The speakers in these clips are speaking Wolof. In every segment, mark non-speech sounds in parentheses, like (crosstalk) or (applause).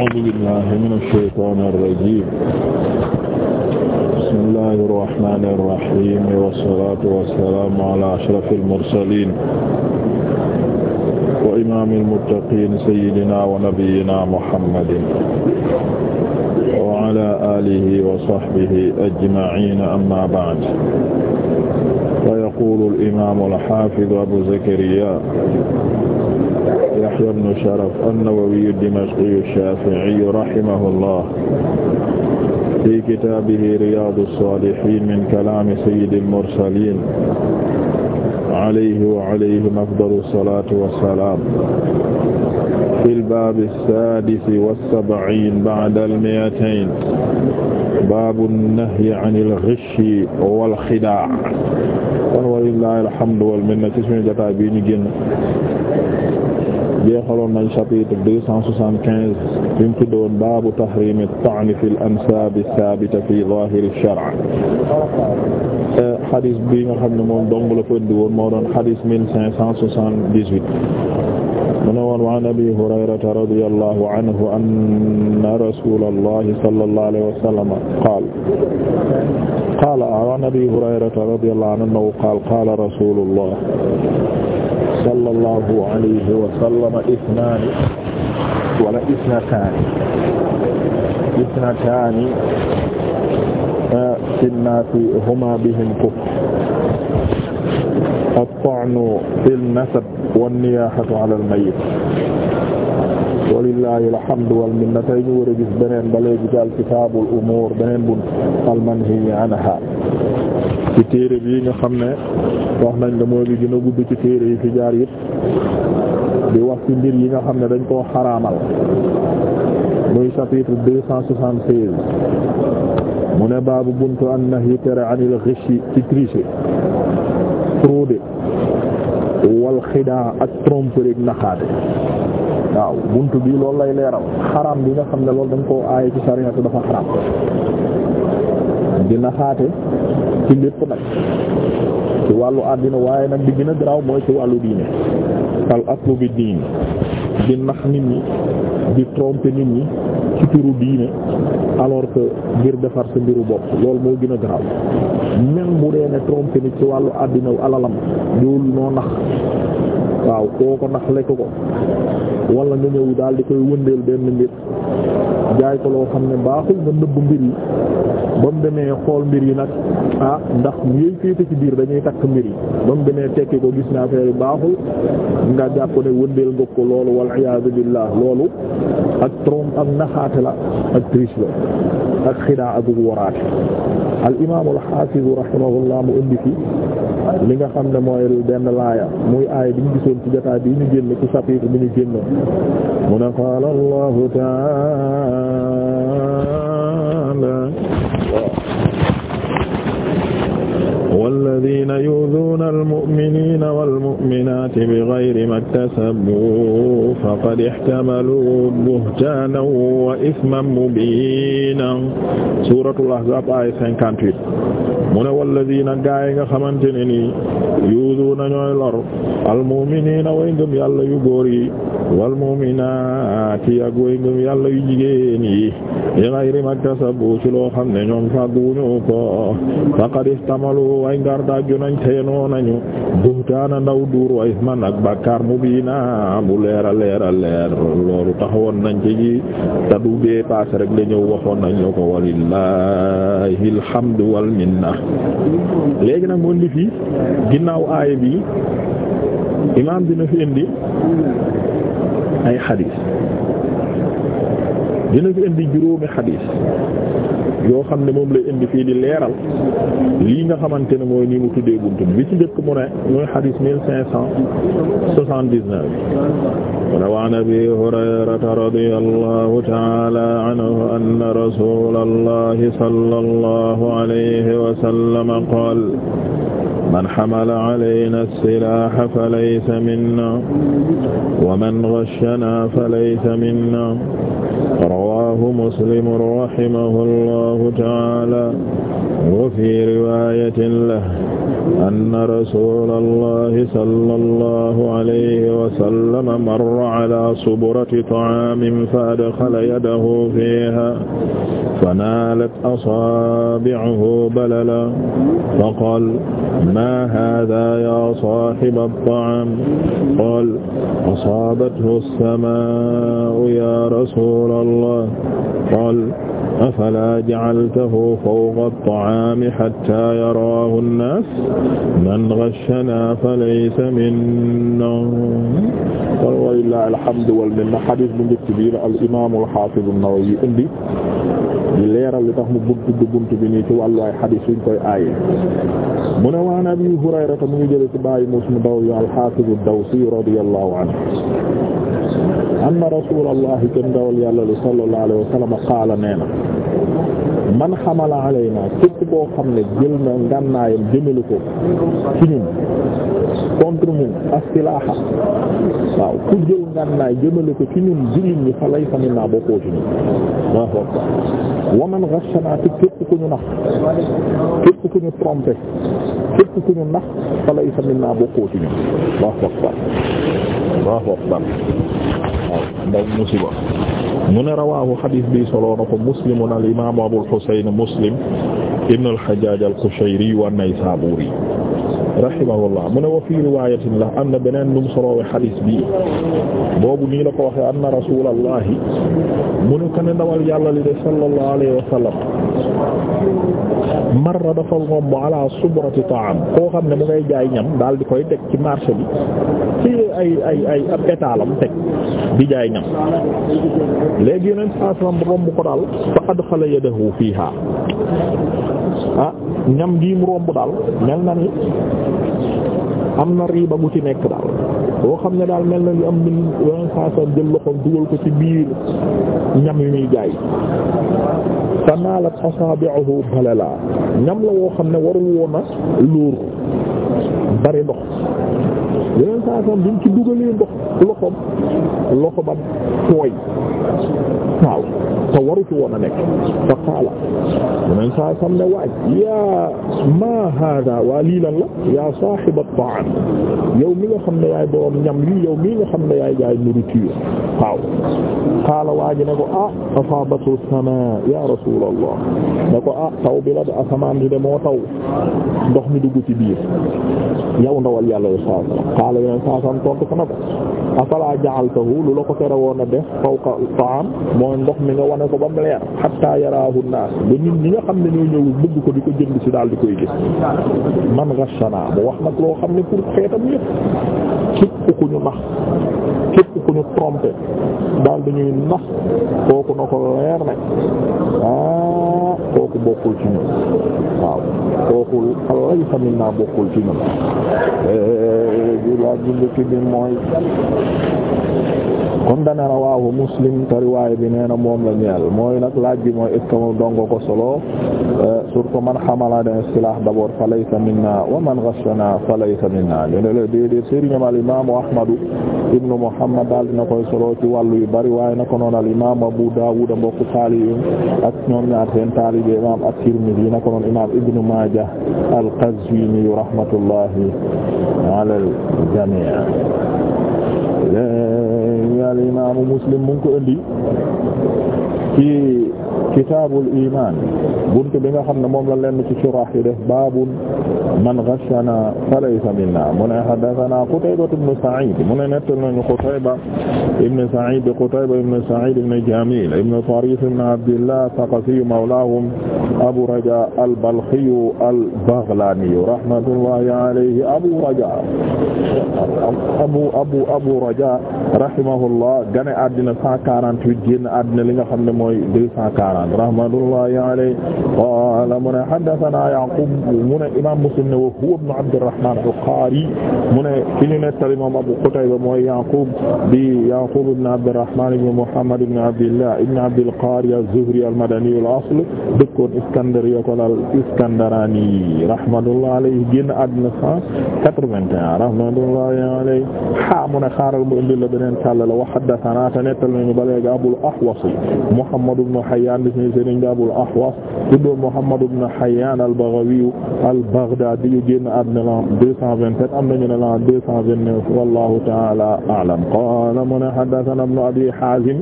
a'uuzu billaahi mina shaytaani rajiim bismillaahi rahmaani rahiim wa salaatu wa salaamu alaa ashrafil mursaliin wa imaamil muttaqiin sayyidinaa wa nabiyyinaa Muhammadin wa alaa aalihi wa sahbihi ajma'iin ammaa ba'd fa yaquulu al-imaamul haafiz Abuu Zakariyaa Yahya ibn Sharaf an-Nawawi ad-Dimashqi ash-Shafi'i rahimahullah fi kitaabihi Riyaadu as-Saalihiin min kalaami sayyidil mursaliin alayhi wa alayhim afdalu salaatu wa salaam fil baabi saadisi was-sab'iin ba'da al-mi'atayn baabu nahyi anil ghishi wal xidaa kon walillaahi alhamdu wal minna ci suñu jotaay bi ñu génn jeexaloon nañ chapitre deux cent soixante quinze bi mu tuddoon baabu tahrim at-ta'n fi al-ansab as-sabita fi zahir ash-shar' euh, xadis bi nga xam ne moom dong la ko indi woon moo doon xadis mille cinq cent soixante-dix-huit mu ne woon wa an abi hurayrata radiyallahu anhu anna rasulallahi sallallahu alayhi wa sallam qaala qaala an abi hurayrata radiyallahu anhu qaala qaala rasulullah sallallahu alayhi wa sallam isnaani wala isnataani isnataani ah, fi nnaasi huma bihim kufr at-ta'nu fi nasab wan-niyaahatu ala al-mayyit walillahi alhamdu wal minna tey ñu war a gis beneen ba léegi daal kitaabul umuur beneen bu al-manhiyyi anhaa ci téere bii nga xam ne wax nañ la mooy li gën a gudd ci téere yi fi jaar yëpp di wax ci mbir yi nga xam ne dañ koo xaraamal muy chapitre deux cent soixante seize mu ne baabu buntu an-nahyi tere anil ghishi ci tricher fraude wal xidaa ak tromperie ak naxaate waaw buntu bi loolu lay leeral xaram bi nga xam ne loolu dañ koo aaye ci sariya dafa xaraam di naxaate ci lépp nag ci wàllu àddina waaye nag di gën a garaaw mooy ci wàllu diine al aslu bi diine di nax nit ñi di tromper nit ñi ci turu diine alors que ngir defar sa mbiru bopp loolu moo gën a garaaw même bu dee ne tromper nit ci wàllu àddina alalam loolu noo nax waaw koo ko nax lekk ko wala nga ñëw daal di koy wëndeel benn mbir jaay ko loo xam ne baaxul ba nëbb mbir yi ba mu demee xool mbir yi nag ah ndax yooyu féete ci biir dañuy takk mbir yi ba mu demee tekki ko gis ne affaire yi baaxul nga jàpp ne wëndeel nga ko loolu wal iyaadu billah loolu ak trompe ak naxaate la ak triche la ak xidaa ak waraate al imaam al xaafiz mu indi fi li nga xam ne mooy benn laaya muy aay bi ñu gisoon ci jotaay bi ñu génn ci chapitre bi ñu génn mu ne qaala Allahu ta'ala والذين يؤذون المؤمنين والمؤمنات بغير ما اكتسبوا فقد احتملوا بهتانا وإثما مبينا سورة الأحزاب آية 58 mu ne والذين gaa yi nga xamante ne nii yu'zuuna ñooy lor al-mu'miniina way ngëm yàlla yu góor yi wal-mu'minaati ak way ngëm yàlla yu jigéen yi bi ghayri ma iktasabu ci loo xam ne ñoom fàgguñu ko faqad ihtamalu ngarda nañ teenoo nañu buhtaana ndaw duur wa isman ak bàkkaar mubiina bu leera leera leer loolu taxawoon nañ ci ji tadu bee paase rek la ñëw waxoon nañ la ko walillahi alhamdu wal minna léegi nag mu indi fii ginnaaw aaya bi imaam dina fi indi ay xadiis dina fi indi juróomi xadiis yoo xam ne moom lay indi fii di leeral lii nga xamante ne mooy nii mu tuddee buntu bi ci njëkk mu ne mooy xadiis mille cinq cent soixante-dix-neuf mu ne wa an Abi Hurayrata ta'ala anhu anna rasulallahi sallallahu alayhi wa sallam qaala man hamala alayna as-silaaha falaysa minnaa wa man ghashshanaa falaysa minnaa rawahu muslim rahimahu allahu taala wa fi riwayatin lahu anna rasula allahi salla allahu alayhi wa sallam marra ala suburati ta'aamin fa adxala yadahu fiiha fanaalat asaabi'uhu balalan faqaala maa haazaa yaa saahiba at-ta'aam qaala asaabathu as-samaa'u yaa rasuula allah qaal afalaa jacaltahu fawqa altaami xatta yaraahu nnaas man gashanaa falaysa minna kon walillahi alhamdu wal minna xadiis bu njëkk bi al imaam al xaafiz an-Nawawi indi di leeral li tax mu buntu buntu bi nii ci wàllu ay xadiis yuñ koy mu ne waan Abi Hurayrata mu ngi jële ci bàyyi musmu daw yu al-Haafid ad-Dawsi radiyallahu anhu anna rasuulallahi kenn dawal yàlla li sallallahu alayhi wa sallam qaala nee na man xamala alayna képp koo xam ne jël na ngànnaayam jëmale ko contre ñun asilaaha waaw ku jël ngànnaay ko ci ñun jullit ñi fa lay fa min naa wa man ghashana te képp ku ñu nax képp ku ñu trompé képp ku ñu nax fa lay fa min naa bokkoo ci musiba mu ne rawaahu bi soloo na ko muslimun al imaamu abul muslim ibn al xajaaj al qushayri wa rahimahullah mu ne wa fii riwayatin la am na beneen num soroowe xadiis bi boobu nii la ko waxee anna rasulallahi mu ne ko ne ndawal yàlla li de sallallahu alayhi wa sallam marra dafa ngomb ala subrati ta'am koo xam ne mu ngay jaay ñam daal di koy teg ci marché bi ci ay ay ay ab étalam teg jaay ñam léegi yeneen saa romb ko daal fa adxala yadahu fiiha ah ñam giim romb daal mel na ni am na riiba bu ci nekk daal boo xam ne daal mel na ni am na yeneen jël loxoom dugal ko ci biir ñam yu muy jaay fa naalat asaabi'uhu balala ñam la woo xam ne warul woon a luur bari ndox yeneen saa ci dugalee ndox loxoom loxo ba tooy waaw te waru ci woon nekk fa qaala yeneen saa sam ne waaj yaa maa hada waa lii lan la yaa sahib at-ta'am mi nga xam ne yaay borom ñam lii xam ne yaay jaay waaw qaala waa ne ko ah asaabatu samaa ya rasulallah ne ko ah taw bi la de asamaan di de moo taw ndox mi dugg ci biir yow ndawal yàlla yo qaala yeneen saa sam tontu ko na afala ja'altahu lu la ko tere woon a def fawqa ta'am mooy ndox mi nga wane ko ba mu leer yaraahu naas ba nit ñi nga xam ne ñoo ñëw bëgg ko di ko jënd ci daal di koy gis man ghashana mu wax nag loo xam ne pour xeetam yépp képp ku ñu nax képp ku ñu tromper daal ñuy nax kooku na ko leer ne ah kooku bokkul ci ñun waaw kooku alaysa minna bokkul ci ñun. laaj bi njëkk bi mooy kon dana rawaahu muslim te riwaay bi na moom la ñeel mooy nag laaj bi mooy est ce que dongo ko solo euh, surtout man xamala de istilah d'abord fa laysa minna wa man ghashana fa laysa minna ñu ne la déedéet sëriñam al ahmadu ibnu muhammad daal dina koy solo ci wàllu yu bari waaye na ko noon al imaamu abu daawud mbokku taalibi ak ñoom ñaar seen taalibi imaam at-tirmidhi na ko noon imaam ibnu al qazwini rahmatullahi ala al jamii al imaamu muslim mu ngi ko indi ci kitaabul iman buntu bi nga xam ne moom la lenn ci surah yi def baabun man ghashana falaysa minna mu ne haddathana Qutayba ibn Sa'id mu ne nettal nañu Qutayba ibn Sa'id Qutayba ibn Sa'id ibn Jamil ibn Tarif ibn Abdillah Thaqafi mawlahum Abu Raja al-Balkhi al-Baghlani rahmatullahi alayhi Abu Raja abu abu Abu Raja rahimahullah gane àddina 148 génn àddina li nga xam ne mooy 240 Ghassan rahmatullahi alayhi qaala mu ne haddathanaa Ya'quub mu ne imaam Muslim ne wa huwa ibnu Abdirrahmaan al-Qaari mu ne ki ñu nettali moom Abu Qutayba mooy Ya'quub di Ya'quub ibnu Abdirrahmaan ibnu Muhammad ibnu Abdillah ibnu Abdil Qaari az-Zuhri al-Madani al-asl dëkkoon Iskandariya ko dal Iskandaraani rahmatullahi alayhi génn àddina 181 rahmatullahi alayhi ha mu ne xaaral mu indi la beneen kàlla la wa haddathanaa te nettal nañu ba léegi Abul Ahwas Muhammad ibnu Hayyaan gis ni sëriñ Abul Ahwas tuddoon Muhammad ibn Hayyan al-Baghawi al-Baghdadi yu génn àddina la 227 am nañu ne la 229 wallahu ta'ala a'lam qala mu ne haddathana ibn Abi Hazim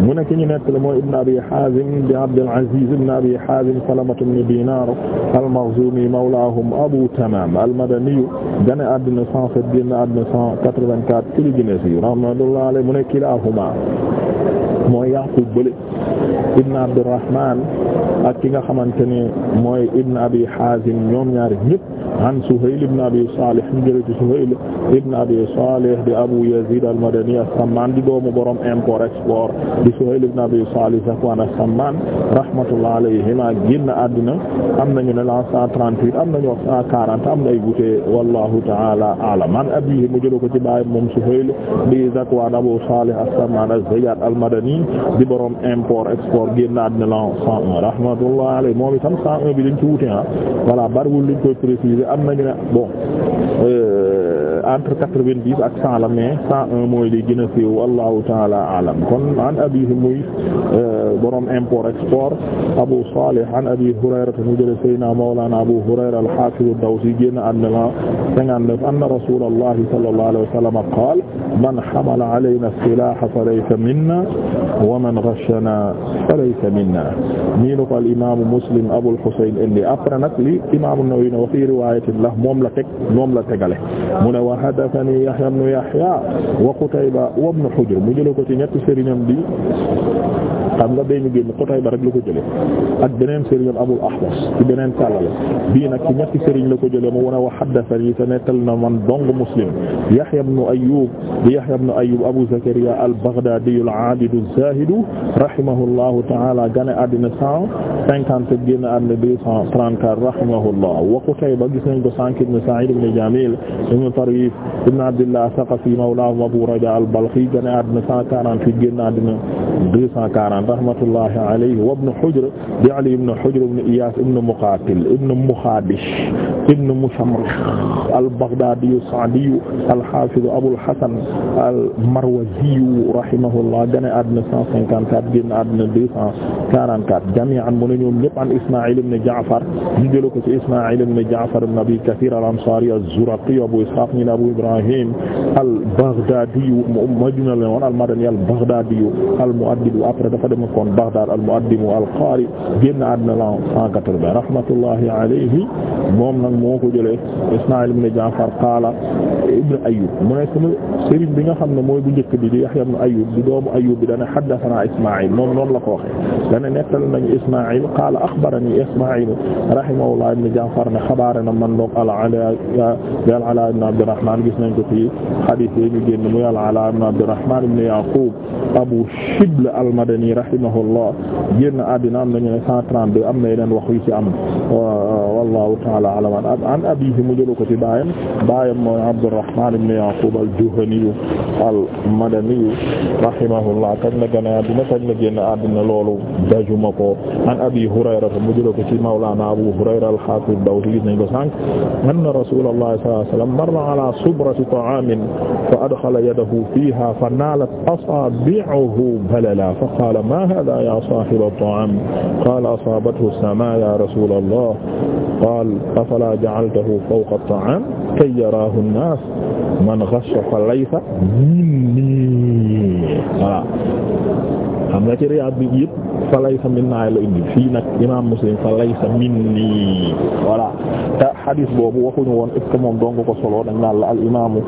mu ne ki ñu nekk la mooy ibn Abi Hazim di Abdul Aziz ibn Abi Hazim Salamah ibn Dinar al-Makhzumi mawlahum Abu Tamam al-Madani génn àddina 107 génn àddina 184 kili gine si rahmatullah alayhi mu ne kilahuma mooy Yaqub ibn Abdurrahman ak ki nga xamante ne mooy ibn Abi Hazim ñoom ñaari ñëpp an Suhayl ibn Abi Salih mu jëlee ci Suhayl ibn Abi Salih di Abu Yazid al-Madani as-Samman di doomu borom import export di Suhayl ibn Abi Salih Zakwan as-Samman rahmatullah alayhima génn àddina am nañu ne la 138 am nañu wax 140 am na ay wuute wallahu ta'ala a'lam an abiihi mu jëlee ko ci baay moom Suhayl di Zakwan Abu Salih as-Samman az-Zayyat al-Madani di borom import export génn àddina la 101 rahmatullah alayhi moom itam 101 bi dañ ci wuute ah voilà bariwul liñ koy préciser am nañu ne bon euh, entre quatre-vingt-dix ak cent la mais cent un mooy li gën a siiw wallahu taala alam kon an abi muy euh, borom import export Abu Salih an Abi Hurayrata mu jële Seydina Mawlana Abu Hurayra al-Hafiz ad-Dawsi génn àdduna 59 anna Rasulallahi sallallahu alayhi wa sallam qaala man hamala alayna as-silaha falaysa minna wa man ghashana falaysa minna nii la ko al imaamu Muslim Abul Husayn indi après nag li imaamu Nawawi wa fi riwaayatin lahu moom la teg moom la tegale mu ne wa haddathanii Yahya ibn Yahya wa Qutayba wa ibn Hujr mu jële ko ci ñetti sëriñam bi xam nga bee ñu génn Qutayba rek la ko jëlee ak beneen sëriñam Abul Ahwas ci beneen tàllale bii nag ci ñetti sëriñ la ko jëlee mu wone wa haddathani te nettal na man dong Muslim Yahya ibn Ayyub di Yahya ibn Ayyub Abu Zakariya al-Baghdadi al-abid az-zahid rahimahullahu ta'ala gane àddina cent cinquante génn àddina deux cent trente-quatre rahimahullah wa Qutayba gis nañ ko sànq ibn Sa'id ibn Jamil ibn Tarif ibn Abdillah Thaqafi mawlahum Abu Raja al-Balkhi gane àddina cent quarante-huit génn àddina deux cent quarante Sufyaan rahmatullahi alayhi wa ibn Hujr di Ali ibn Hujr ibn Iyaas ibn Muqaatil ibn Muxaadish ibn Musamrix al-Baghdaadiyu as-Sa'diyu al-Haafiz Abul Hasan al-Marwaziyu rahimahullah gane àddina 154 génn àddina 200 44 jami'an mu ne ñoom ñëpp an Isma'il ibn Ja'far ñu jël ko ci Isma'il ibn Ja'far ibn Abi Kathir al-Ansari az-Zuraqi Abu Ishaq ibn Abu Ibrahim al-Baghdadi Madina la woon al-Madani al-Baghdadi al-mu'addib après dafa dem kon Baghdad al-mu'addib al-qari génn àddina la 180 rahmatullahi alayhi moom nag moo ko jëlee Isma'il ibn Ja'far qala ibn Ayyub mu ne sama sëriñ bi nga xam ne mooy bu njëkk bi di Yahya ibn Ayyub di doomu Ayyub bi dana haddathana Isma'il moom noonu la ko waxe ne nettali nañu Ismaïl qaala axbarani Ismaïl rahimahullah ibn Ja'far ne xabaare na man doog al-Alaa al-Alaa ibn Abdurrahmaan gis nañ ko fii hadiis yi ñu génn muy al-Alaa ibn Abdurrahmaan ibn Yaquub Abu Shibl al-Madani rahimahullah génn àddina am nañu ne 132 am na yeneen wax yu ci am wallahu ta'ala a'lam an abiihi mu jëlu ko ci baayam baayam mooy Abdurrahmaan ibn Yaquub al-Juhani al-Madani rahimahullah kañ la gën a àddina kañ la génn àddina loolu dajuma ko an abi hurayrata mu jëla ko ci mawlana abu hurayra al-hafiz dawsi gis nañ ko sànq anna rasulullah sallallahu alayhi wasallam marra ala subrati ta'amin fa adkhala yadahu fiha fa nalat asabi'uhu balala fa qala ma hadha ya sahib at-ta'am qala asabathu as-sama ya rasulullah qala afala ja'altahu fawqa at-ta'am kay yarahu an-nas man ghashsha falaysa minni voilà xam nga ci riyaad bi yëpp fa laysa minna la indi fii nag imaam muslim fa laysa minni voilà te hadis boobu waxuñu woon est ce que moom dong ko solo dañ naan la al imaamu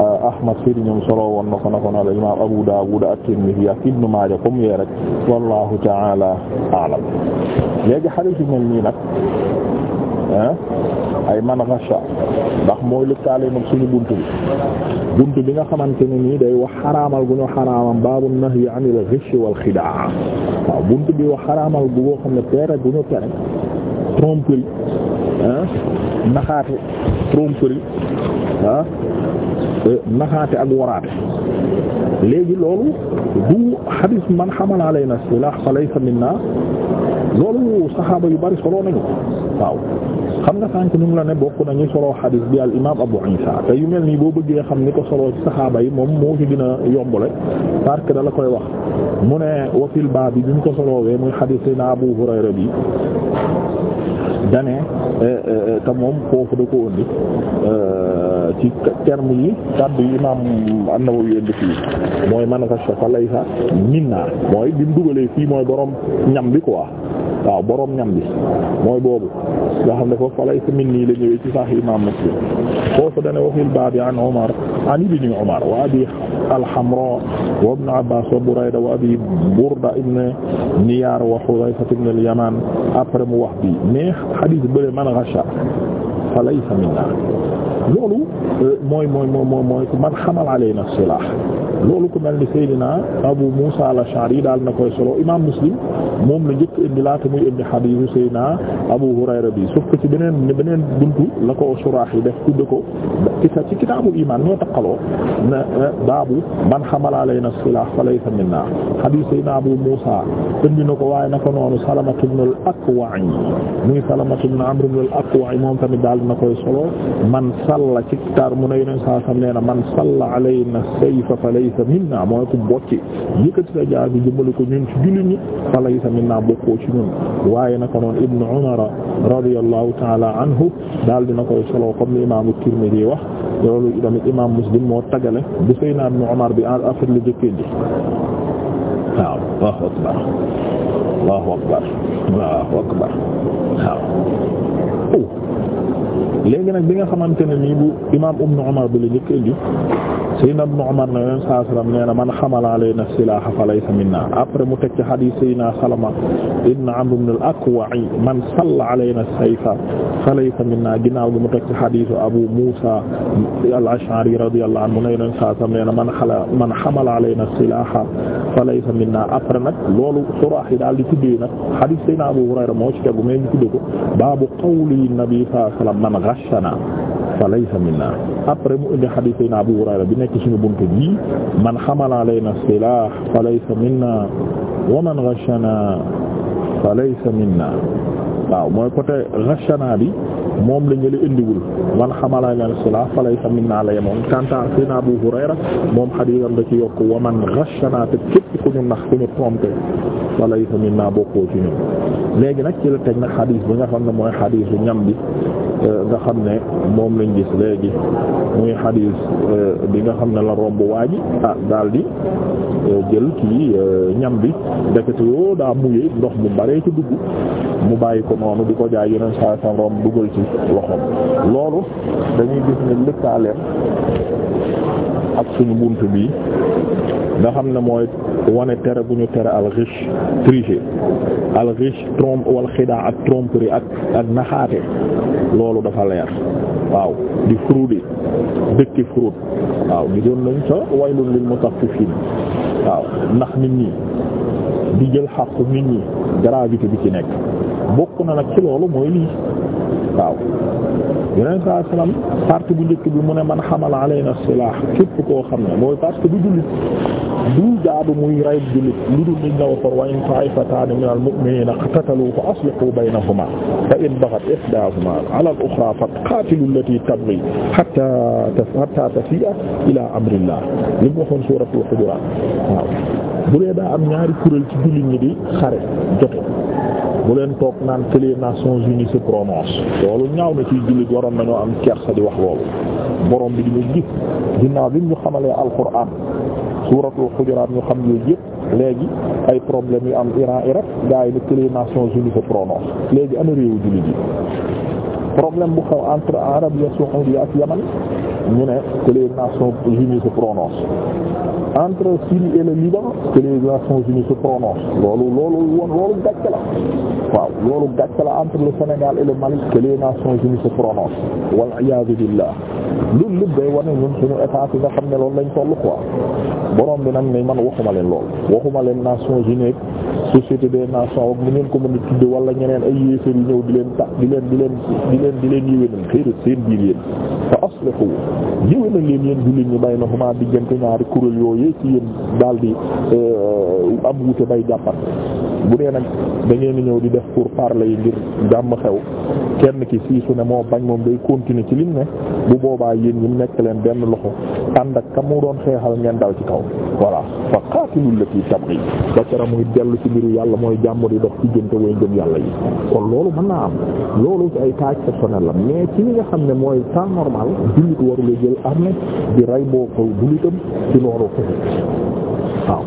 euh, Ahmad sëriñam solo woon na ko na ko na al imaam Abu Dawud at-Tirmidhi ak Ibn Maaja comme yee rek wallahu ta'ala a'lam léegi hadis yu mel nii nag ay man racha ndax mooy lëkkaale nag suñu bunt bi bunt bi nga xamante ne nii day wax xaraamal gu ñu xaraamal baabu nahyi anil xidaa waaw bi wax xaraamal gu boo xam ne tere gu ñu tere tromperie ah naxaate tromperie euh, ak waraate léegi loolu du xadis man xamala alayna silah fa laysa minna loolu saxaaba yu bari xam nga sànk ñu la ne bokk nañu soloo xadis bi al imam Abu Isa te yu mel nii boo bëggee xam ni ko soloo ci saxaaba yi moom moo ci dina yombale parce que da la koy wax mu ne wa baab bi bi mu ko soloowee muy xadis sayna Abu Hurayra bi dane eh, eh, te moom foofu da ko indi eh, ci terme yi kaddu yi imam An-Nawawi indi fii mooy man ghasha fa laysa minna mooy bi mu dugalee fii mooy boroom ñam bi quoi waaw borom ñam bi mooy boobu nga xam ne foofu falay samin nii la ñëwee ci Sahih Imam Muslim foofu dane wa fil baabi an Umar an ibni Umar wa abi al-Hamra wa ibn Abbas wa Burayda wa abi Burda ibn Niyar wa Hudayfa ibn al-Yaman après mu wax bi mais hadith bële man ghasha falaysa minna loolu euh, mooy mooy mooy mooy man xamal alayna silah loolu ko mel ni Seydina Abu Musa al-Ash'ari daal na koy solo imaam Muslim moom la njëkk indi laata muy indi xadiisu Seydina Abu Hurayra bi sauf que ci beneen beneen buntu la ko suraax yi def tudd ko kita ci kitaabul imaan ñoo taqaloo na eh, baabu man xamala alayna silaah fa laysa minna xadiis Seydina Abu Musa indi na ko waaye na ko noonu Salamatu ibn al-Akwa'i muy Salamatu ibn Amr ibn al-Akwa'i moom tamit daal na ko koy solo man salla ci kitaar mu ne yeneen saa sam nee na man salla alayna sayfa falaysa minna mooy ku bocci ko ñun ci jullit ñi waaye naka noon ibnu umara radiyallahu taala anhu daal dina koy solo comme imaamu Tirmidhi wax loolu Muslim moo tagale bu Seydina ibnu bi en affaire la jëkkee ji waaw Allahu akbar Allahu akbar Allahu léegi nag bi nga xamante ne nii bu imaam ibn Umar bi la njëkk indi Seydina ibn Umar ne leen saa salaam nee na man xamala alayna silaaha falaysa minna après mu teg ci hadiis Seydina Salama ibn Amr ibn al-Akwa man salla alayna sayfa xalayfa minna ginnaaw gi mu teg ci xadiisu Abu Muusa al-Ash'ari radiyallahu anhu ne leen saa sam nee na man xala man xamala alayna silaaha falaysa minna après nag loolu suraax yi daal di tuddee nag xadiis Seydina Abu Hurayra moo ci tegu mais ñu tuddee ko baabu qawli nabi sallallahu alayhi wasallam man ghashana falaysa minna après mu indi xadiis Seydina Abu Hurayra bi nekk suñu buntu bi man xamala alayna silaah falaysa minna wa man ghashana falaysa minna waaw mooy côté Ghashana bi moom la ñu la indiwul man xamala leen sila falaysa minna la yemoon kanta sayna Abu Hurayra moom xadiisam da ci yokk wa man ghashana te képp ku ñu nax ku ñu trompé falaysa minna bokkoo ci ñun léegi nag ci la teg nag xadiis bi nga xam ne mooy xadiisu ñam bi euh, nga xam ne moom lañ gis léegi muy xadiis euh, bi nga xam ne la romb waa ji ah daal di euh, jël kii ñam bi dekete yoo daa muyee ndox mu baree ci dugg mu bàyyi ko noonu di ko jaay yeneen saa sa romb dugal ci ci loxoom loolu dañuy gis ne lëkkaaleem ak suñu bunt bi nga xam ne mooy wane tere bu ñu tere al ghish tricher al ghish ak tromperie ak ak naxaate loolu dafa leer waaw di fraude dëkki fraude waaw gisoon nañ sa waylul lil mutaffifin waaw ndax nit ñi di jël xàqu nit ñi gravité bi ci nekk bokk na nag ci loolu mooy lii waaw yeneen saa salaam partie bu njëkk bi mu ne man xamal alayna silah képp koo xam ne mooy parce que du jullit du jaadu muy rey jullit lu dul liñ la waxoon wa in ta'ifataani minal mu'miniina iqtatalu fa aslihu baynahuma fa in baghat ihdaahuma ala al-ukhra fa qaatilu allati tabghi hatta tafii'a ila amrillah li mu waxoon suuratul hujuraat waaw bu dee daa am ñaari kuréel ci jullit ñi di xare jote bu leen toog naan que les Nations Unies se prononcent loolu ñaaw na ciy jullit waroon nañoo am kersa di wax loolu boroom bi di ñu gis ginnaaw bi ñu xamalee alquran suuratul xujuraat ñu xam yooyu yëpp léegi ay problème yu am Iran Irak gars yi ne que Nations Unies se prononcent léegi ana réewu jullit yi problème bu xaw entre Arabie Saoudite ak Yaman ñu ne que les Nations Unies se prononcent entre Syrie et la Liban que les Nations Unies se prononcent loolu loolu loolu gàcce la waaw loolu gàcce la entre le Sénégal et le Mali que les Nations Unies se prononcent wal iyaadu billah loolu lépp day wane ñun suñu état yi nga xam ne loolu lañ toll quoi borom bi nag ne man waxuma leen lool waxuma leen Nations Unies société des nations ak mu ngeen ko mën tudd wala ñeneen ay yéefar ñëw di leen tax di leen di leen di leen di leen yéwénal xëy na seen biir yéen aslihu yéwéna leen yéen jullit ñi bay na xumaa diggante ñaari kuréel yooyu ci yéen daal di euh, am wute bay jàppante bu dee nag da ngeen ñëw di def pour parler yi ngir jàmm xew kenn ki siisu ne moo bañ moom day continuer ci lim ne bu boobaa yéen ñi nekk leen benn loxo ànd ak ka mu doon xeexal ngeen dal ci kaw voilà fa qaatilul lati tabghi ba kera muy dellu ci mbiru yàlla mooy jàmm di dox ci jënte way ngëm yàlla yi kon loolu mën naa am loolu ci ay cas exceptionnel la mais ci li nga xam ne mooy temps normal jullit warula jël armée di rey boo ko jullitam ci loolu fexe waaw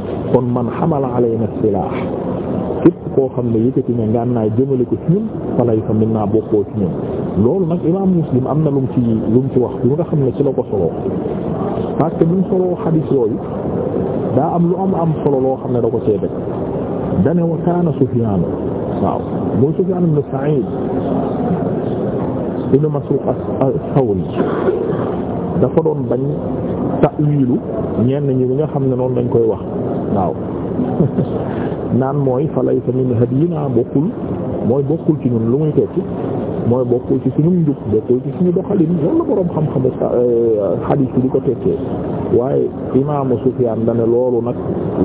képp koo xam ne yëkkati na naa jëmale ko ci ñun falaysa naa bokkoo ci ñun loolu nag imaam muslim am na lu mu ci lu mu ci wax lu nga xam ne ci la ko soloo parce que bu daa am lu am am solo loo xam ne da ko cee def dane wa kaana Sufyaan waaw mooy Sufyaan ibn Sa'iid ibn Masruuq doon bañ ta'wiilu ñenn nga xam ne noonu lañ koy wax waaw (laughs) naan mooy fa laysa min hadina bokkul mooy bokkul ci ñun lu muy tekki mooy bokkul ci suñu njub bokkul ci suñu doxalin loolu la boroom xam-xamu euh, xadiis bi di ko tekkee waaye imaamu Sufyaan da ne loolu nag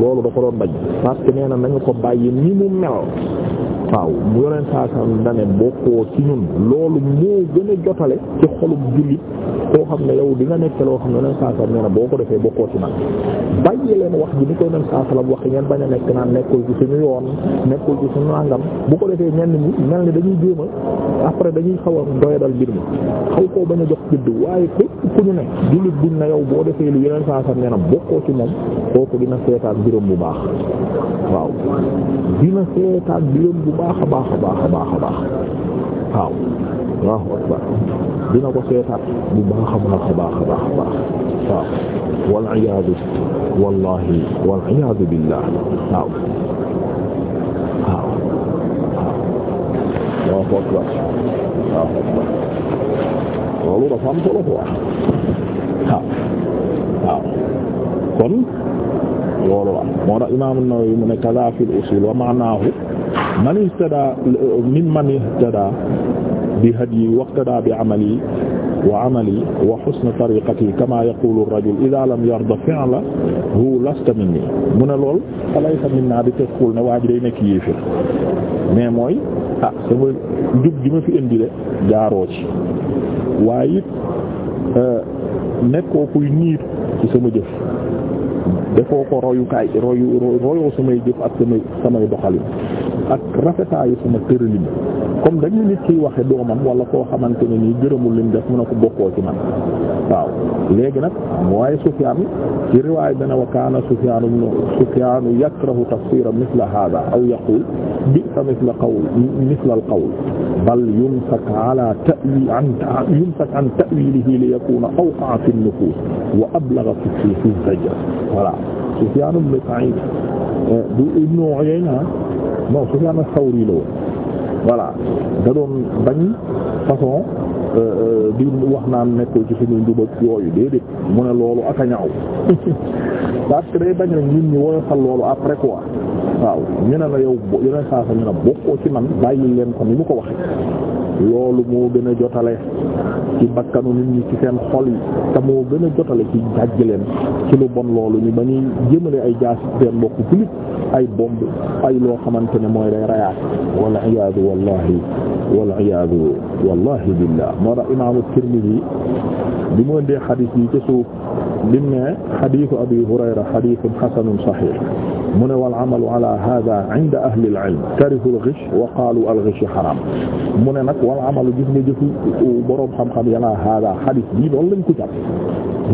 loolu da ko doon bañ parce que na nañu ko bàyyi ni mu mel waaw mu yoreen saa saa da ne bokkoo ci ñun loolu moo gën a jotale ci xolum jullit koo xam ne yow di nga nekk loo xam ne leen saa salaam nee boo ko defee bokkoo ci man bàyyi leen wax ji ni koy leen saa salaam wax ngeen bañ a nekk naan nekkul ci suñu yoon nekkul ci suñu nangam bu ko defee ñenn ñi mel ni dañuy jéem a après dañuy xaw a doyadal mbir mi xaw koo bañ jox gëdd waaye képp ku ñu ne jullit buñ na yow boo defee lu yeneen saa na bokkoo ci moom kooku dina seetaan mbiram bu baax waaw dina seetaan mbiram bu baax a baax a baax a baax a baax waaw Allahu akbar dina ko seetaat bu baax a baax a baax a baax a baax waaw wal iyaadu wallahi wal iyaadu billah waaw waaw waaw Allahu akbar Allahu akbar loolu dafa am solo quoi waaw waaw kon loolu la moo tax imaam an-Nawawi mu ne kaza fil usul wa ma'nahu man ihtada mimman ihtada bi hadyi waqtada bi amali wa amali wa husna tariqati kama yaqulu ar-rajul idha lam yarda fi'lahu lasta minni mu ne lool falaysa minna te tekkul ne waa ji day nekk yéefir mais mooy ah sama jub gi ma fi indi de jaaroo ci waaye it euh, nekkoo kuy niir ci sama jëf defoo ko royukaay royu royoo samay jëf ak samay doxalin ak rafetaayu sama tëralin comme dañuy nit kiy waxe doomam wala koo xamante ne nii gërëmul lim def mun a ko bokkoo ci man waaw léegi nag waaye Sufyaan ci riwaay dana wa kaana Sufyaan ibn Sufyaan yakrahu tafsira mithla hada aw yaqul bi'sa mithla qawl mithla al qawl bal yumsak ala ta'wil an yumsak an ta'wilihi li yakuna awqa'a fi an-nufus wa ablagha fi fi zajr voilà Sufyaan ibn Sa'id eh, du ibn Uyayna non Sufyaan as-Sawri la woon voilà da doon bañ façon euh, euh, di wax naan nekkul ci suñu njubag yooyu déedéet mu ne loolu ak a ñaaw (laughs) parce que day bañ rek nit ñi woyofal loolu après quoi waaw ñu ne na yow yeneen saa sa ñu bokkoo ci man bàyyi leen ko ni mu ko waxee loolu moo gën a jotale ci bakkanu nit ñi ci seen xol yi te moo gën a jotale ci jàjj leen ci lu bon loolu ñu ba ñuy jëmale ay jaas seen mbokku jullit ay bomb ay loo xamante ne mooy day rayaat wal iyaadu wallahi wal iyaadu wallahi billah moo tax imaamu Tirmidhi bi mu ëndee xadiis yi ci suuf lim ne xadiisu abi hurayra xadiisun xasanun saxiix mu ne wal amalu ala haaza inda ahli al-ilm karihu al-ghish wa qaalu al-ghish xaraam mu ne nag wal amalu gis nga jëfu boroom xam-xam yi ala haaza xadiis bii noonu lañ ko jàpp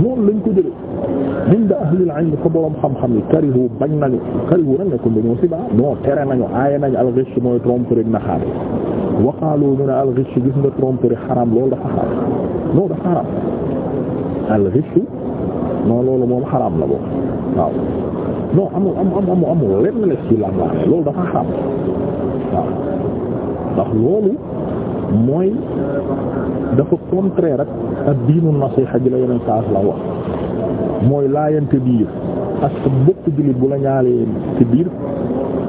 noonu lañ ko jëlee inda ahli al-ilm fa boroom xam-xam yi karihu bañ nañu karihu nag nekkul dañoo si baax non tere nañu aaye nañu al-ghish mooy tromperie naxaate wa qaalu ñu ne al-ghish gis nga tromperie xaraam loolu dafa xaraam loolu dafa xaraam al-ghish non loolu moom xaraam la boobu waaw non amul amul amul amul lenn la ci làmbaane loolu dafa xaraam waaw ndax loolu mooy dafa contraire rek ak diinu nasiixa ji la yeneen kaas la wax mooy laayante biir ak sa bopp jullit bu la ñaalee ci biir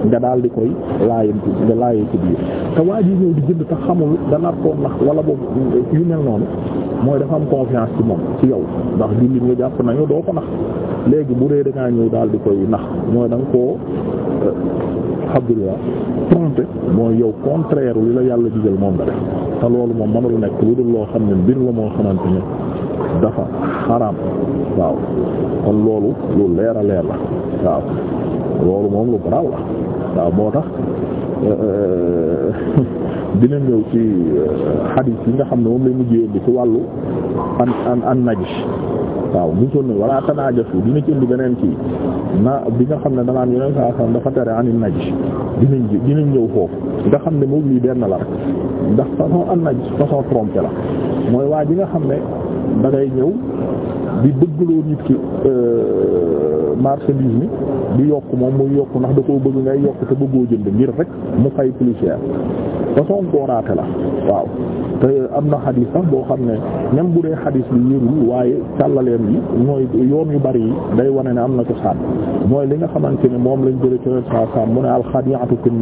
nga daal di koy laayante nga laayee ci biir te waa ji ñëw di jënd te xamul dana nax wala boobu yu mel noonu mooy dafa am confiance ci moom ci yow ndax jullit nga jàpp nañu doo ko nax léegi bu dee da ñëw daal di koy nax mooy da nga koo euh, alhamdulillah tromper mooy yow contraire li la yàlla digal moom nga te loolu moom mënul nekk lu dul loo xam ne mbir la moo xamante ne dafa xaraam waaw kon loolu lu leera leer la waaw loolu moom lu garaaw la waaw moo tax euh, euh, (laughs) dina ñëw ci hadith euh, yi nga xam ne moom lay mujjee indi ci wàllu an an an najis waaw gisoon na wala tanaajasu dina ci beneen kii na bi nga xam ne danaan yeneen saa sax dafa tere an najis dinañ dinañ ñëw foofu nga xam ne moom lii benn la rek ndax façon an najis façon tromper la mooy waa ji nga xam ne da ñëw di bëggloo nit ki. Euh, marchandise mi di yokk moom muy yokk ndax da ko bëgg ngay yokk te bëggoo jënd ngir rek mu fay plus cher façon kooraate la waaw te am na xadis sax boo xam ne même bu dee xadis bi yërul waaye càllaleem yi mooy yoon yu bari yi day wane ne am na cosaan mooy li nga xamante ne moom lañ jëlee ci saa saa mu ne alxadi'atu fin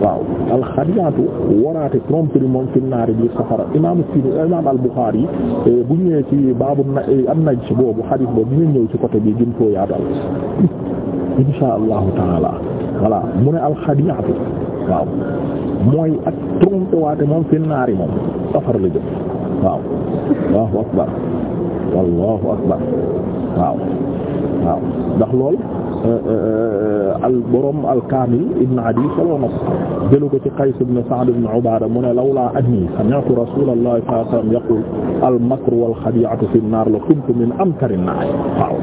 waaw alxadiatu waraate tromperie moom fi naari biir safara imam imam al-Bukhari eh, bu ñëwee ci baabu eh, an najs boobu xadis boobu dina ñëw ci côté bi gën koo yaatal (laughs) insha allahu taala voilà mu ne alxadiatu waaw mooy ak trompe waate moom fi naari moom safara la jëm waaw allahu akbar waaw waaw ndax lool Euh, euh, al borom al kaamil ibn adi solo na jëlu ko ci qays ibn sa'd ibn ubaada mu ne lawlaa anni sami'tu rasuulallahi sallallahu alayhi wa sallam yaqul al makru wal xadi'atu fi an-naar la kuntu min amkari an-naas waaw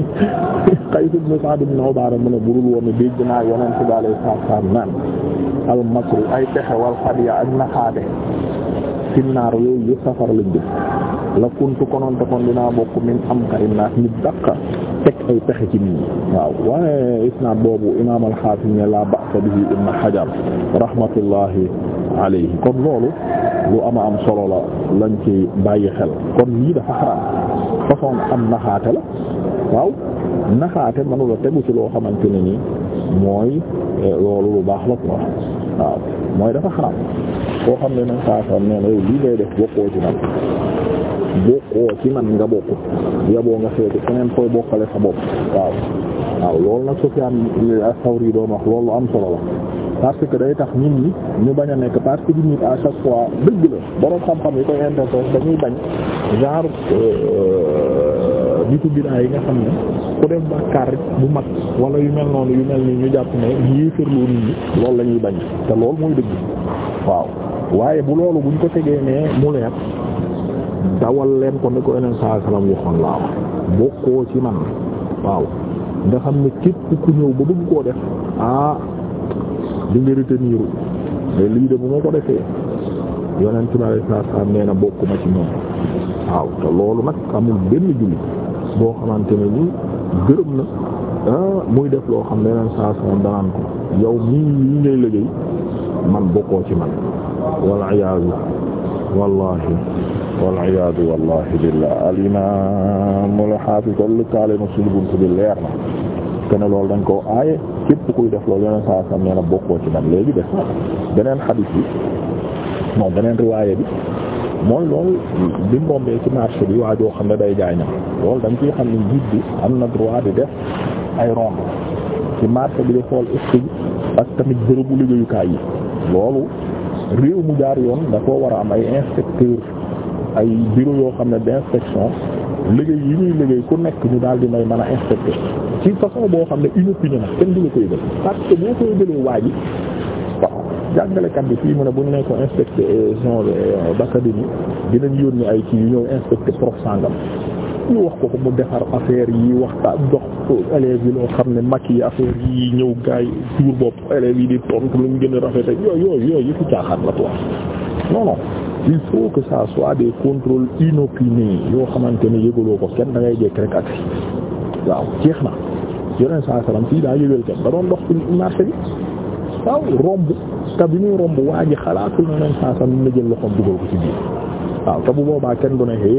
(laughs) qays ibn sa'd ibn ubaada mu ne burul woon dégg naa yonent bi alayhi salaam naan al makru ay pexe wal xadi'a ak naxaate fi an-naar yooyu yëpp safara lañ def la kuntu konoon te kon dinaa bokk min amkari an-naas mi dàq teg ay pexe ci nit ñi waaw waaye isnaad boobu imaam al-Hafiz ne la ba'sa bihi ibn Hajar rahmatullahi alayhi kon loolu lu ama am solo la lañ ci bàyyi xel kon lii dafa xaraam façon am naxaate la waaw naxaate manula tegu ci loo xamante ne ni mooy eh, loolu lu baax la quoi mooy dafa xaram koo xam ne nag saa saa nee na yow lii ngay def bokkoo ci man bokkoo ci man nga bokkut yaboo nga seeti keneen koy bokkale sa bopp waaw waaw loolu nag Sufyaan am sawri doon wax loolu am solo la parce que day tax nit ñi ñu bañ a nekk parce que di à chaque fois dëgg la borom xam yi koy interpréter dañuy bañ genre euh, nitu bidaa yi nga xam ne ku def bàkkaar rek bu mag wala yu mel noonu yu mel nii ñu jàpp ne yéefirloo nit ñi loolu lañuy bañ te loolu mooy dëgg waaw waaye bu loolu buñ ko tegee ne mu leer dawal leen ko ne ko yeneen saa salaam waxoon laa wax bokkoo ci man waaw nga xam ne képp ku ñëw ba bëgg koo def ah di nga retenir mais lii de bu ma ko defee yonent bi sallallahu alayhi wasallam nee na bokkuma ci ñoom waaw te loolu nag amul benn jullit boo xamante ne nii gërëm na ah, muy def loo xam ne yeneen saa soxna danaan ko yow mii mii ngay liggéey man bokkoo ci man. wal iyaadu wallaahi wal iyaadu wallaahi billaah al imaam al haafiz lu kaale na suñu buntu bi leer na te ne loolu dañ koo aaye képp kuy def loolu yeneen saa soxna nee bokkoo ci man léegi def beneen xadiis bi non beneen riwaaya bi. mooy loolu bi mbombee ci marché bi waajoo xam ne day jaay lool loolu dañ xam ne njiit bi am na droit di def ay ronde ci marché bi di xool est ak tamit bërëbu liggéeyukaay yi loolu réew mu jaar yoon da koo war a am ay inspecteur ay bureau yoo xam ne d'inspection liggéey yi ñuy liggéey ku nekk ñu daal di may mën a inspecter ci façon boo xam ne inopinée nag kenn du la koy def parce que boo koy dëlee waa ji jàngalekat bi fii mu ne bu ñu nee ko inspecté zone euh, d'académie euh, dinañ yónni ay kii yu ñëw inspecté prof sangam ñu wax ko ko mu defar affaire yi waxtaan jox élèves yi loo xam ne makk yi affaire yi ñëw gaay yi bopp élèves yi di tontu lu ñu gën a rafet ak yooyu yooyu yooyu yëpp la quoi non il faut que ça soit des contrôles inopinés yoo xamante ne yëgaloo ko kenn da ngay jekk rek ak si waaw jeex na yeneen saa salaam fii daa yëgal kenn da doon marché bi waaw romb. te bi muy romb waa ji xalaatul na leen saa sam na jël loxoom dugal ko ci biir waaw te bu boobaa kenn du ne xëy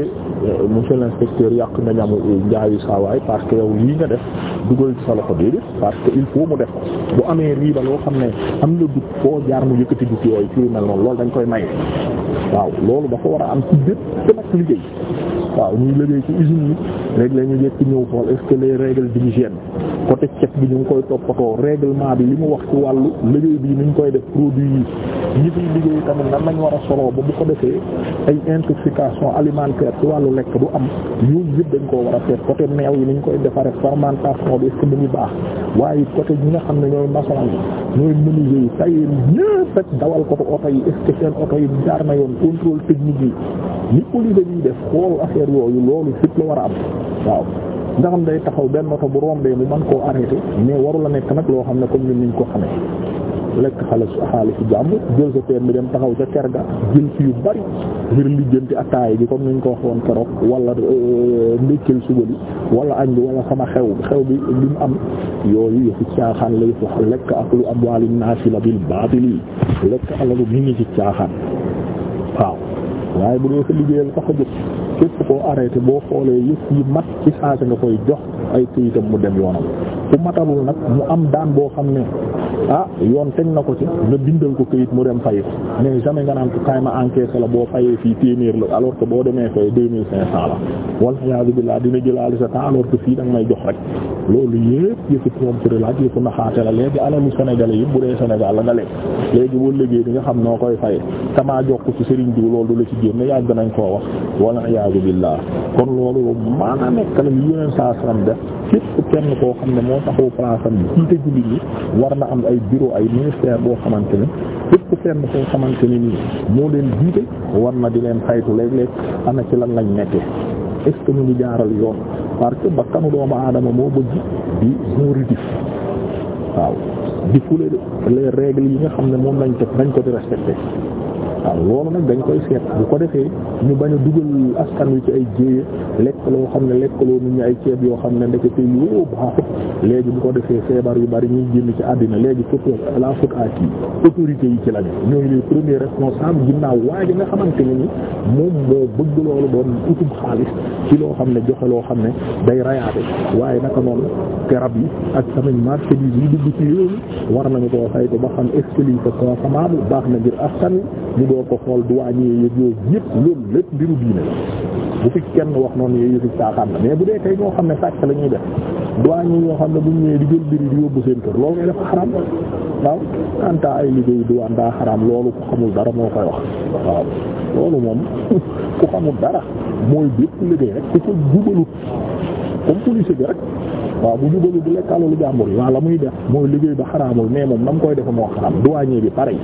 monsieur l'inspecteur yàq nga ñamu njaayu saawaay parce que yow lii nga def dugal ci sa loxo déedéet parce que il faut mu def ko bu amee riiba loo xam ne am na dut foo jaar mu yëkkati dut yooyu ci lu mel noonu lool dañ koy maye waaw loolu dafa war a am ci bépp nag liggéey waaw ñuy liggéey ci usine yi léegi la ñu jekk ñëw xool est-ce que les règles d'hygiène côté cet bi ñu ngi koy toppatoo règlement bi li mu wax ci wàllu liggéey bi ni ñu koy def produit yi ñi fiy liggéey tamit nan lañ war a soloo ba bu ko defee ay intoxication alimentaire ci wàllu lekk du am ñoom yëpp dañ koo war a seet côté meew yi ni ñu koy defaree fermentation bi est-ce que mu ngi baax waaye coté ñi nga xam ne ñooy maçon yi ñooy menuisier yi tailleur ñëpp dawal ko oto yi est-ce que seen oto yi jaar na yoon yi def xool affaire yooyu loolu fit la war a am waaw nga xam day taxaw benn moto bu rombee mu mën koo arrêté mais waru la nekk nag loo xam ne comme ni ñu ko xamee lekk xale su xaale ci jàmm jël sa teen bi dem taxaw ca ker ga jël ci yu bari ngir lijjanti attaay bi comme ni ko waxoon keroog wala euh, ndékkil suba bi wala añ bi wala sama xew xew bi li mu am yooyu yëfu caaxaan la fox lekk ak lu am wàllu naasi la bil baatili lekk alalu mi ngi ci caaxaan waaw waaye bu dee sa képp koo arrêté boo xoolee yëf yi mat ci saa si nga koy jox ay këyitam mu dem yoonam ku matalul nag mu am daan boo xam ne ah yoon teg na ko ci nga bindal ko këyit mu dem fay mais jamais nga naan ko kaay ma encaissé la boo fayee fii téeméer la alors que boo demee fay deux mille cinq cent la wala iyaazu billaah dina jëlaali sa temps alors fii da nga may jox rek loolu yëpp yëfu tromperie la yëfu naxaate la léegi alalu sénégalais yi bu dee Sénégal la nga lekk léegi boo léegi di nga xam noo koy fay tamaa jox ko ci sëriñ diw loolu du la ci génne yàgg nañ koo wax wala a nekk la yu yeneen saa saram def képp koo xam ne moo taxaw place bi ay bureau ay ministère boo xamante ne képp fenn foo xamante ne nii moo leen jiite war na di leen xaytu léeg-léeg ana lan lañ nekkee est-ce que ñu ngi jaaral yoon parce que bakkanu doomu aadama moo bëgg di nourritif waaw di fule les règles yi nga xam ne moom lañ teg nañ ko di respecté waaw loolu nag dañ koy seet bu ko defee ñu bañ a dugal askan wi ci ay jéeye lekk loo xam ne lekk loo nit ñi ay ceeb yoo xam ne ndekete yoo baaxut léegi bu ko defee feebar yu bari ñuy génn ci àddina léegi faute la faute à qui autorité yi ci lañu ñooy les premiers responsables ginnaaw waaye nga xamante ne ni moom moo bëgg loolu doon utub xaalis ci loo xam ne joxe loo xam ne day rayaate waaye naka noonu garab yi ak samañ marchandise yi dugg ci yooyu war nañu koo saytu ba xam est-ce sa consommable baax na ngir askan wi doo ko xool duwaañee yëg yooyu yëpp loolu lépp mbiru diine la bu fi kenn wax noonu yooyu yëfi caaxaan la mais bu dee tey ñoo xam ne sàcc la ñuy def duwaañee yoo xam ne bu ñëwee di jël biri di yóbbu seen kër loolu ngay dafa xaram waaw kanta ay liggéeyu duwaan daa xaram loolu ku xamul dara moo koy wax waaw loolu moom (laughs) ku xamul dara mooy bépp liggéey rek ku ko jubalut comme policier bi rek waaw bu jubalu di lekk alalu jàmbur yi waaw la muy def mooy liggéey ba xaraamul mais moom na mu koy defe moo xaraam douanier bi pareil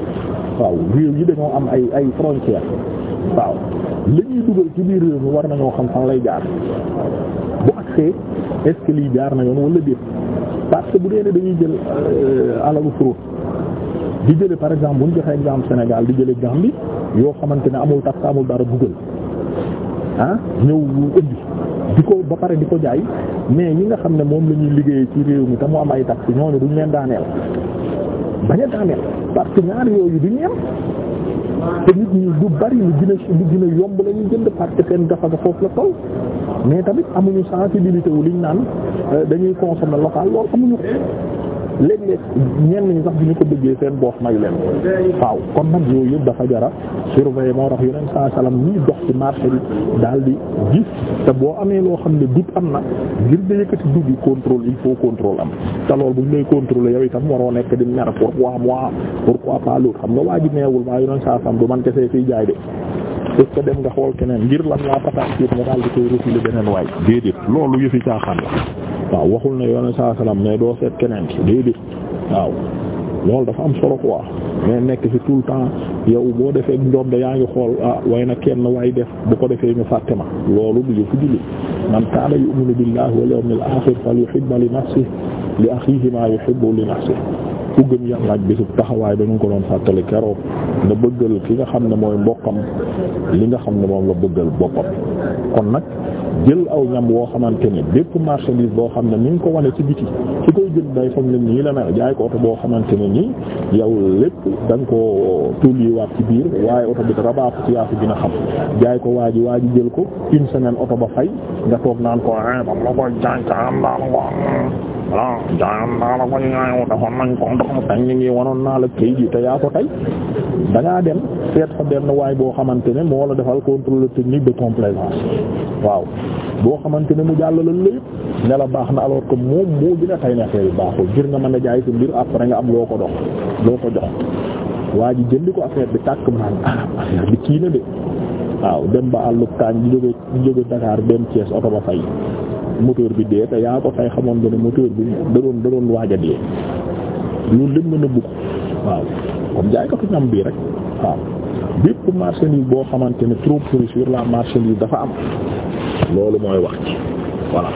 waaw réew yi dañoo am ay ay frontières waaw li ñuy dugal ci biir réew mi war nañoo xam fan lay jaar bu accès est lii jaar na yoon wala déet parce que bu dee ne dañuy jël euh, alalu fraude di jële par exemple bu ñu joxe exemple Sénégal di jële Gambie yoo xamante ne amul tax amul dara dugal ah ñëw indi di ko ba pare di ko jaay mais ñi nga xam ne moom la ñuy liggéeyee ci réew mi te mu am ay tax ñooñu duñ leen daaneel bañ a daaneel parce que ñaar yooyu duñ yem te nit ñi du bari lu gën a lu yomb la ñuy jënd parce que seen gafa ga foofu la toll mais tamit amuñu sensibilité wu liñ naan euh, dañuy consommer local lool amuñu léeg-léeg ñenn ñi sax ñu ko bëggee seen boof may leen waaw kon nag yooyu yëpp dafa jara surveiller moo tax yeneen saa salaam ñuy dox ci marché bi daal di gis te boo amee loo xam ne dut am na ngir nga yëkkati dut yi contrôle il am te loolu bu ñu lay contrôler yow itam waroo nekk di mer pourquoi moi pourquoi pas l'autre xam nga waa ji neewul maa yeneen saa salaam du man kese fiy jaay de est que dem nga xool keneen ngir lan laa pataas nga daal di koy reculer beneen waay déedéet loolu yëfi caaxaan la waaw waxul na yoona saa salaam mais doo seet keneen ki déedéet waaw loolu dafa am solo quoi mais nekk fi tout le temps yow boo defee njombe yaa ngi xool ah way na kenn waay def bu ko defee ñu fàtte ma loolu du yëfu jullit man kaana yu'minu billahi wal yawmil akhir falyuhibbu li nafsihi li akhihi ma yuhibbu li nafsihi ku gëm yàlla ak bésub taxawaay dañu ko doon fàttali keroog na bëggal ki nga xam ne mooy mbokkam li nga xam ne moom la bëggal boppam kon nag jël aw ñam woo xamante ne bépp marchandise boo xam ne ni ko wane ci biti ki koy jënd day nii la mel jaay ko oto boo xamante ne nii yow lépp da nga koo tulliwaat ci biir waaye oto bi dara baaxut yaa fi dina xam jaay ko waa ji waa ji jël ko une semaine oto ba fay nga toog naan ko ah ba ma ko jànk am naa voilà jaayoon naa la ko ñaaw wanoon naa la këy ji ko tey da dem seet fa waay boo xamante ne moo la defal contrôle de complaisance waaw boo xamante ne mu jàll la lépp baax na alors que moom moo dina tey ne xëy nga mën a jaay sa mbir après am loo ko dox loo ko jox waa ji jënd ko affaire bi tàkk naan ah, kii na de dem ba àllub kaan di jóge di jóge Dakar dem Thiès oto ba fay. moteur bi dee te yaa ko fay xamoon nga ne bi da doon da doon waaj a dee loolu lépp mën a bugg waaw comme jaay ko bii rek waaw bépp marchandise boo xamante ne trop prix sur la marchandise dafa am loolu mooy wax ci voilà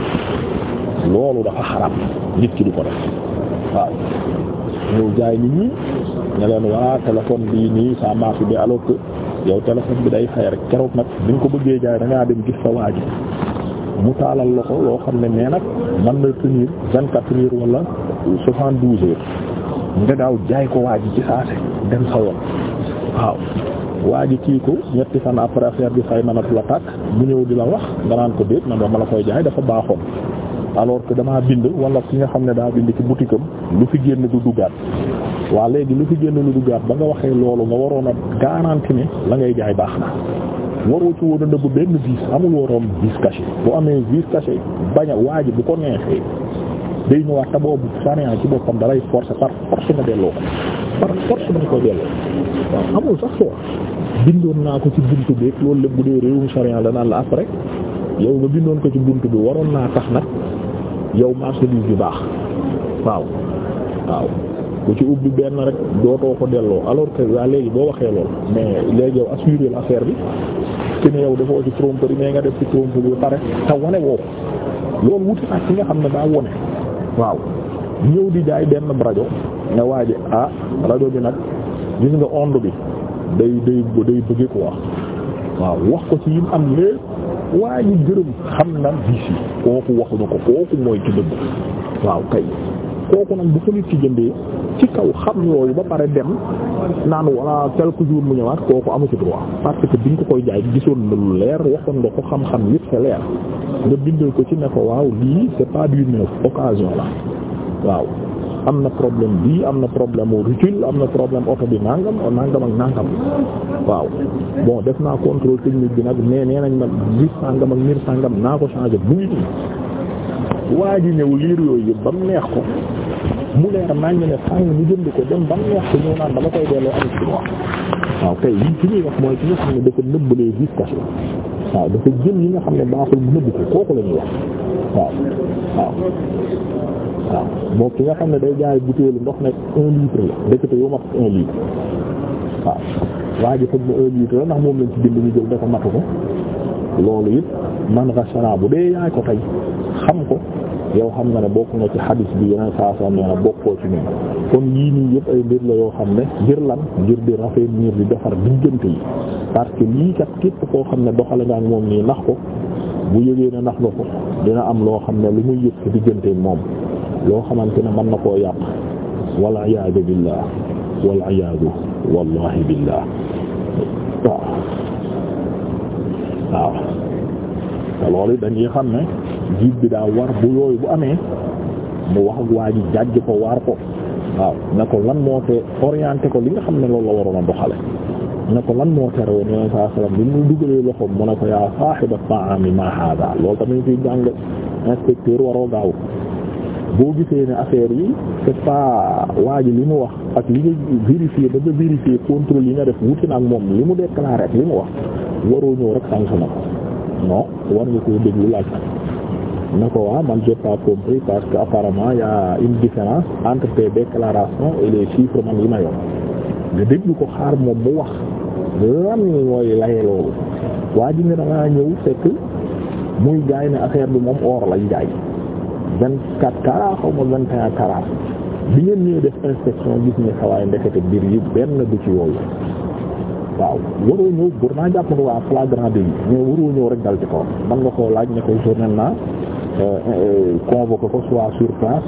loolu dafa xaram nit ki du ko def waaw ñëw jaay nit ñi ne leen waa téléphone bii nii ça marche bi alors yow téléphone bi day fay rek keroog nag bi nga ko bëggee jaay da dem gis sa waa mu taalal la loo xam ne nee nag man na tenir vingt quatre heures wala soixante douze heures nga daaw jaay ko waa ji ci saase dem sa waaw waa ji kii ko ñetti fan après affaire bi fay manatu la tàkk mu ñëw di la wax nga naan ko déet man dama la koy jaay dafa baaxoon alors que damaa bind wala ki nga xam ne daa bind ci boutique am lu fi génn du duggaat waa léegi lu fi génn lu duggaat ba nga waxee loolu nga waroon a garanti ne la ngay jaay baax na waroo ci woon a dëbb benn vis amul worom vis caché bu amee vis caché bañ a waaj bu ko neexee day ñëwaat te bu sariya ci boppam dalay force par force nga delloo ko par force nga ko delloo waaw amul sax soo bindoon naa ko ci buntu bi loolu lépp bu dee réewum sariya danaan la après yow nga bindoon ko ci buntu bi waroon naa tax nag yow marchandise bi baax waaw waaw ku ci ubbi benn rek dootoo ko delloo alors que waa léegi boo waxee lool mais léegi yow assuré l'affaire bi te ne yow dafoo ci tromperie mais nga def ci tromperie ba pare te wane woo loolu wuti ak ki nga xam ne daa wone waaw ñëw di jaay benn rajo nga waaje ah rajo bi nag gis nga onde bi day day day bëgge ko wax waaw wax ko ci yim am léeg waa ñu gërëm xam na bis yi kooku waxuñu ko kooku mooy ci dëgg waaw kay kooku nag bu ko nit ci jëndee ci kaw xam yooyu ba pare dem naan wala quelque jours mu ñëwaat kooku amu ci droit parce que biñ ko koy jaay gisoon na lu leer waxoon nga ko xam-xam yëpp c'est leer nga bindal ko ci ne ko waaw lii c'est pas du neuf occasion la waaw am na problème bii am na problème am na problème oto bi nangam nangam ak nangam waaw bon def naa contrôle technique bi nag mais nee nañ ma gis sangam ak miir sàngam naa ko changer bu ngi nii waa ji ñëw liir yooyu yëpp ba mu neex ko mu leer nañ ne sàng mu jënd ko dem ba mu neex ko ñëw naan dama koy delloo am ci moom waaw tey yi ci ñuy wax mooy ci nga xam ne dafa nëbbalee gis kaso waaw baaxul bu nëbb ki nga xam ne day jaay butéelu ndox ne un litre la dëkk te yoo mat un litre waaw waa ji foog na un litre la ndax moom lañ ci jënd ñu jël dafa matu ko loolu it man restaurant bu dee yaay ko tey xam ko yow xam na ne bokk nga ci xadis bi yeneen saa saa nee na bokkoo ci ñun kon yii nii yëpp ay mbir la yoo xam ne ngir lan ngir di niir di defar diggante yi parce que lii kat képp koo xam ne doxale nga ak moom nii nax ko bu yégee ne nax nga ko dina am loo xam ne lu muy yëg ci diggante moom loo xamante ne mën na koo yàq wal iyaadu billah wal iyaadu waaw waaw loolu dañuy xam ne. jiit bi daa war bu yooyu bu amee mu wax ak waa ji jàjj ko waar ko waaw na ko lan moo te orienté ko li nga xam ne loolu la waroon a doxale na ko lan moo tere woon yeneen saa bi mu dugalee loxoom mu ne ko yaa saahiba ta'ami ma hada loolu tamit fiy jàng inspecteur waroo gaaw boo gisee ne affaire yi c'est pas waa ji li mu wax ak li nga vérifier ba nga vérifier contrôle yi nga def wuti ak moom li mu déclaré rek li mu wax waroo ñëw rek sanctionné ko non war nga koo laaj na ko ah man j'ai pas compris parce que apparemment y a une différence entre et les chiffres man yi ma yor nga déglu ko xaar moom mu wax lan mooy laye loolu waa ji ne da ngaa ñëw fekk muy gaay ne affaire bi moom or lañ jaay vingt quatre a xaw ma vingt et un carats bi ngeen ñëwee def inspection gis ne xawaay ndekete biir yi benn du ci yooyu waaw waroo ñëw bur jàpp ne waa flagrant délit mais waroo ñëw rek dal di ko man nga ko laaj ne ko Euh, convoqué ko soit sur place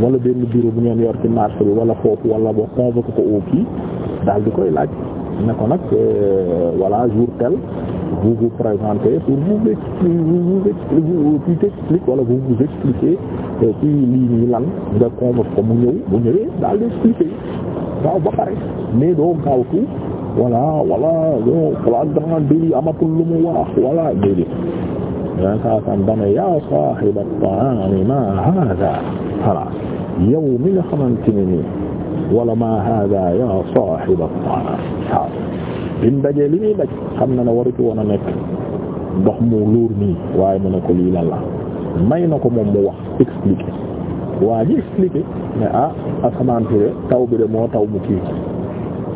wala benn bureau bu ngeen yor ci marché bi wala foofu wala boo convoqué ko au kii daal di koy laaj ne ko nag euh, voilà jour tel vous vous présentez pour vous vous vous vous explique wala vous vous expliquez euh, ci lii nii lan nga convoqué ko mu ñëw bu ñëwee daal di expliquer waaw ba pare mais doo gaawtu voilà voilà voilà grand délit amatul lu mu wax voilà yeneen saa saam dana yaa saahiba at-ta'aami maa haadaa voilà yow mi nga xamante ne nii wala maa haadaa yaa saahiba at-ta'aam waaw bi li muy daj xam na ne waru ci nekk ndox mu luur nii waaye mu ne ko lii la may na ko moom mu wax expliquer waa ji expliquer ne taw bi de moo taw mu kii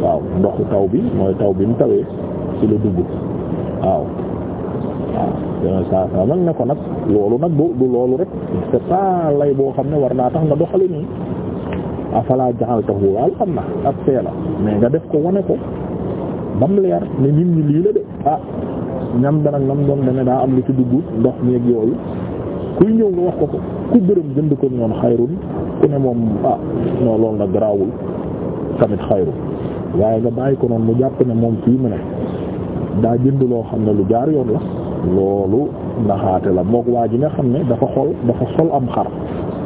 waaw ndoxu taw bi mooy taw bi mu tawee ci la yeneen saa saa nag ne ko nag loolu nag du du loolu rek c'est lay boo xam ne war naa tax nga doxale nii afala ja'altahu waal xam na ak fee la mais nga def ko wane ko bam leer ne nit ñi lii la de ah ñam dana nam doon deme daa am lu ci dugg ndox meeg yooyu kuy ñëw nga wax ko ko ku gërëm jënd ko noonu xayrun ku ne moom ah non loolu nag garaawul tamit xayrun waaye nga bàyyi ko noonu mu jàpp ne moom fii mu ne daa jënd loo xam ne lu jaar yoon la loolu ndaxaate la mook waa ji nga xam ne dafa xol dafa sol am xar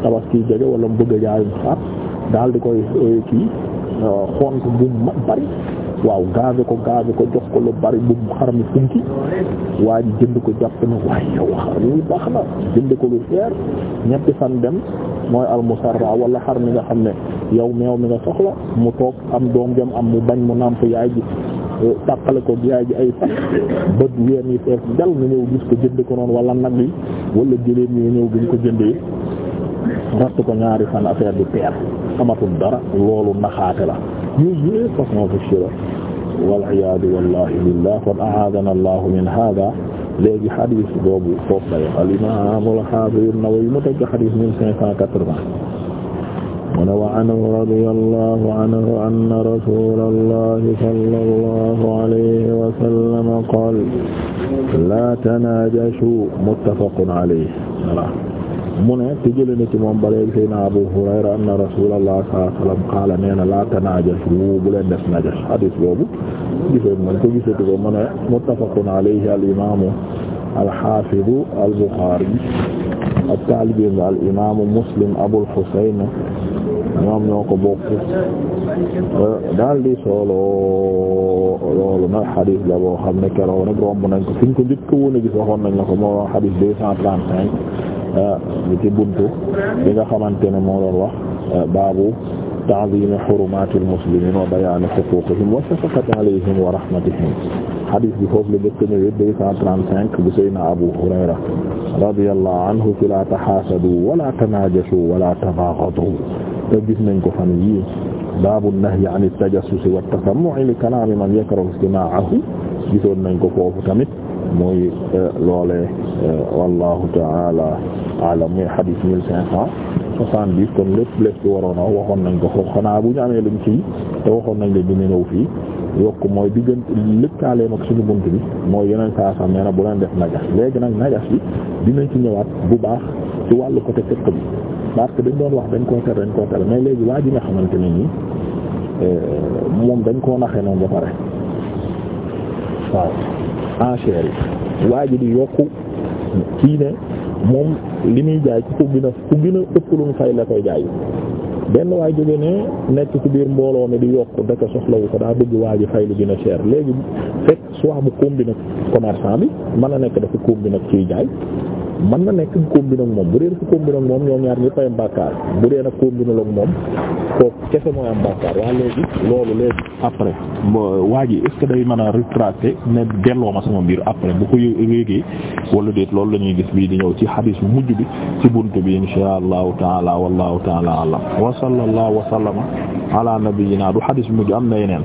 tabaski jege wala mu bëgg a xar daal di koy euh, kii euh, xont bu bari waaw gaave ko gaave ko jox ko lu bari bu xar mi funki waa ji jënd ko jàpp na waaye yow xar mi baax na jënd ko lu cher ñetti fan dem mooy almusarra wala xar mi nga xam ne yow meew mi nga soxla mu toog am doom jam am mu bañ mu nàmp yaay ji tàqale ko yaay ji ay fan bët ween yi fees dal nga ñëw gis ko jënd ko noonu wala nag yi wala jëleen yi nga ñëw buñ ko jëndee ratt ko ñaari fan affaire bi peer amatul dara loolu naxaate la yooyu yëpp façon fichi la waliyadu wallahi billah kon ahadana allahu min hada léegi xadis boobu foofu la al imam al hafiz an-Nawawi mu teg xadis mille cinq mun wa an radiyallahu anhu anna rasulallahi sallallahu alayhi wa sallam qaala laa tanaajashu muttafaqun alayhi voilà mu ne te jëlee na ci moom balee Seydina Abu Hurayra anna rasulallah sallallahu alayhi wa sallam qaala nee na laa tanaajashu bu leen def najash hadis boobu gisee moom ko gisatu ko mu ne muttafaqun alayhi al imaamu al xaafidu al buxaari ak taalibeem al imaamu muslim Abul Husayn ñoom ñoo ko bokk daal di solo loolu nag xadis la boo xam ne keroog nag romb nañ ko fi ñu ko njëkk woon a gis waxoon nañ la ko moo doon xadis deux cent trente cinq bi ah, ci buntu li nga xamante ne moo doon wax ah, baabu ta'zimi hurumatil muslimin wa bayani huquqihim wa shafaqati alayhim wa rahmatihim xadis bi foofu la njëkk ñëwee deux cent trente cinq bu Seydina Abu Hurayra radiyallahu anhu fi la tahaasadu wala tanajashu wala tabaghadu te gis nañ ko fan yii baabu nahyi an tajassusi wa tasammu'i li kalaami man yakrahu istima'ahu gisoon nañ ko foofu tamit muy eh, loolee eh, wallahu ta'ala a'lam muy hadith mille cinq cent soixante bi kon lépp lépp ci waroon a waxoon nañ ko foofu xanaa bu ñu amee luñ ci te waxoon nañ leen dina ñëw fii yokk mooy diggante lëkkaaleem ak suñu bunt bi mooy yeneen saa sax nee bu leen def naga léegi nag najas bi dinañ ci ñëwaat bu baax ci wàllu côté fekk bi parce que dañ doon wax dañ koo tere dañ koo tere mais léegi waa nga xamante ne nii euh, moom dañ koo naxee noonu ba pare waaw enchère yi waa ji di yokku kii ne moom li muy jaay ci ku gën a ku gën a ëpp lu mu fay la koy jaay benn waay jóge ne nekk ci biir mbooloo mi di yokk daka soxlawu ko daa bëgg waa ji fay lu gën a cher léegi fekk soit mu combiné commerçant bi mën a nekk dafa combiné kiy jaay man na nekk combine ak moom bu dee dafa combine ak moom ñoom ñaar ñëpp ay am bàkkaar bu dee nag combine ak moom kooku kese mooy am bàkkaar waaye léegi loolu léegi après waa ji est-ce que day mën a rétracter ne delloo ma sama mbir après bu ko yéegee wala déet loolu la ñuy gis bii di ñëw ci xadiis bu mujj bi ci bunt bi insha allahu taala wallahu taala alam wa sallallahu wa sallama ala nabiyyina du xadiis bu mujj am na yeneen